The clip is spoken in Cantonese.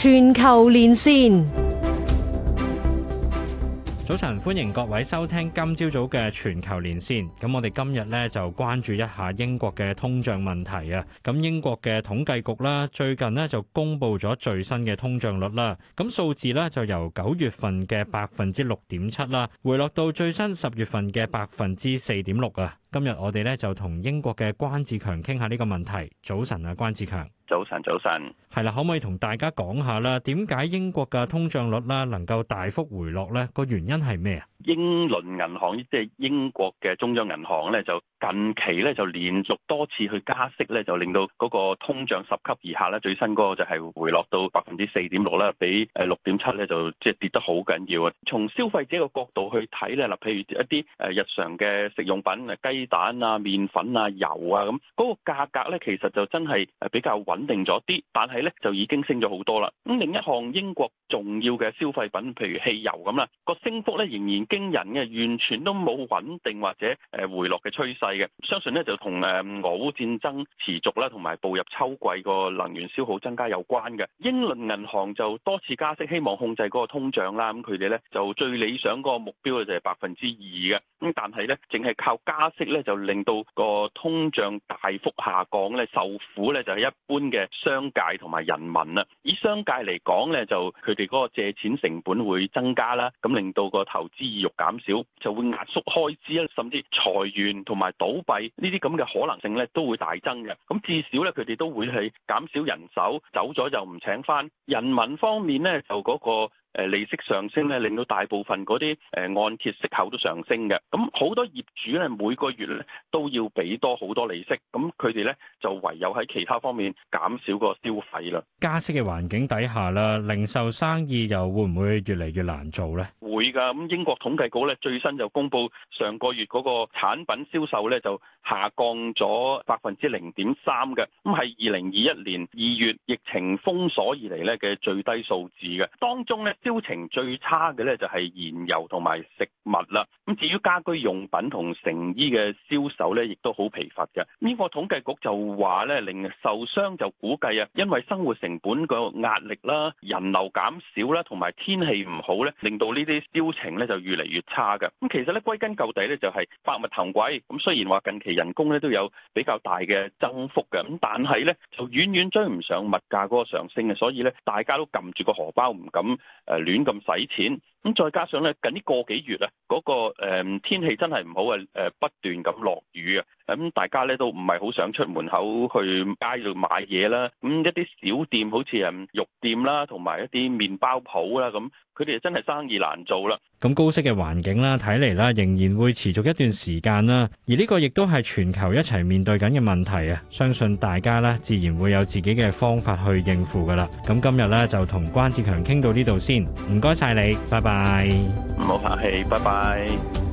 全球連線，早晨，歡迎各位收聽今朝早嘅全球連線。咁我哋今日咧就關注一下英國嘅通脹問題啊。咁英國嘅統計局啦最近呢就公佈咗最新嘅通脹率啦。咁數字咧就由九月份嘅百分之六點七啦，回落到最新十月份嘅百分之四點六啊。今日我哋咧，就同英國嘅關志強傾下呢個問題。早晨啊，關志強。早晨，早晨。係啦，可唔可以同大家講下啦？點解英國嘅通脹率啦能夠大幅回落呢？個原因係咩啊？英倫銀行，即係英國嘅中央銀行咧，就近期咧就連續多次去加息咧，就令到嗰個通脹拾級而下咧。最新嗰個就係回落到百分之四點六啦，比誒，六點七咧就即係跌得好緊要啊。從消費者個角度去睇咧，嗱，譬如一啲誒日常嘅食用品啊，雞。雞蛋啊、麵粉啊、油啊咁，嗰、那個價格咧其實就真係誒比較穩定咗啲，但係咧就已經升咗好多啦。咁另一項英國。重要嘅消費品，譬如汽油咁啦，個升幅咧仍然驚人嘅，完全都冇穩定或者誒回落嘅趨勢嘅。相信咧就同誒俄烏戰爭持續啦，同埋步入秋季個能源消耗增加有關嘅。英倫銀行就多次加息，希望控制嗰個通脹啦。咁佢哋咧就最理想嗰個目標嘅就係百分之二嘅。咁但係咧，淨係靠加息咧，就令到個通脹大幅下降咧，受苦咧就係一般嘅商界同埋人民啦。以商界嚟講咧，就佢。哋、那、嗰個借錢成本會增加啦，咁令到個投資意欲減少，就會壓縮開支啊，甚至裁員同埋倒閉呢啲咁嘅可能性咧都會大增嘅。咁至少咧，佢哋都會係減少人手，走咗就唔請返。人民方面咧，就嗰、那個。誒利息上升咧，令到大部分嗰啲誒按揭息口都上升嘅。咁好多業主咧，每個月咧都要俾多好多利息，咁佢哋咧就唯有喺其他方面減少個消費啦。加息嘅環境底下啦，零售生意又會唔會越嚟越難做咧？會㗎。咁英國統計局咧最新就公布上個月嗰個產品銷售咧就下降咗百分之零點三嘅。咁係二零二一年二月疫情封鎖以嚟咧嘅最低數字嘅，當中咧。銷情最差嘅咧就係燃油同埋食物啦，咁至於家居用品同成衣嘅銷售咧，亦都好疲乏嘅。呢、這個統計局就話咧，令受傷就估計啊，因為生活成本個壓力啦、人流減少啦、同埋天氣唔好咧，令到呢啲銷情咧就越嚟越差嘅。咁其實咧歸根究底咧就係百物騰貴，咁雖然話近期人工咧都有比較大嘅增幅嘅，咁但係咧就遠遠追唔上物價嗰個上升嘅，所以咧大家都撳住個荷包唔敢誒亂咁使錢，咁再加上咧近呢個幾月咧，嗰個誒天氣真係唔好啊，誒不斷咁落雨啊！咁大家咧都唔係好想出門口去街度買嘢啦，咁一啲小店好似係肉店啦，同埋一啲麵包鋪啦，咁佢哋真係生意難做啦。咁高息嘅環境啦，睇嚟啦，仍然會持續一段時間啦。而呢個亦都係全球一齊面對緊嘅問題啊！相信大家咧，自然會有自己嘅方法去應付噶啦。咁今日咧就同關志強傾到呢度先，唔該晒你，拜拜。唔好客氣，拜拜。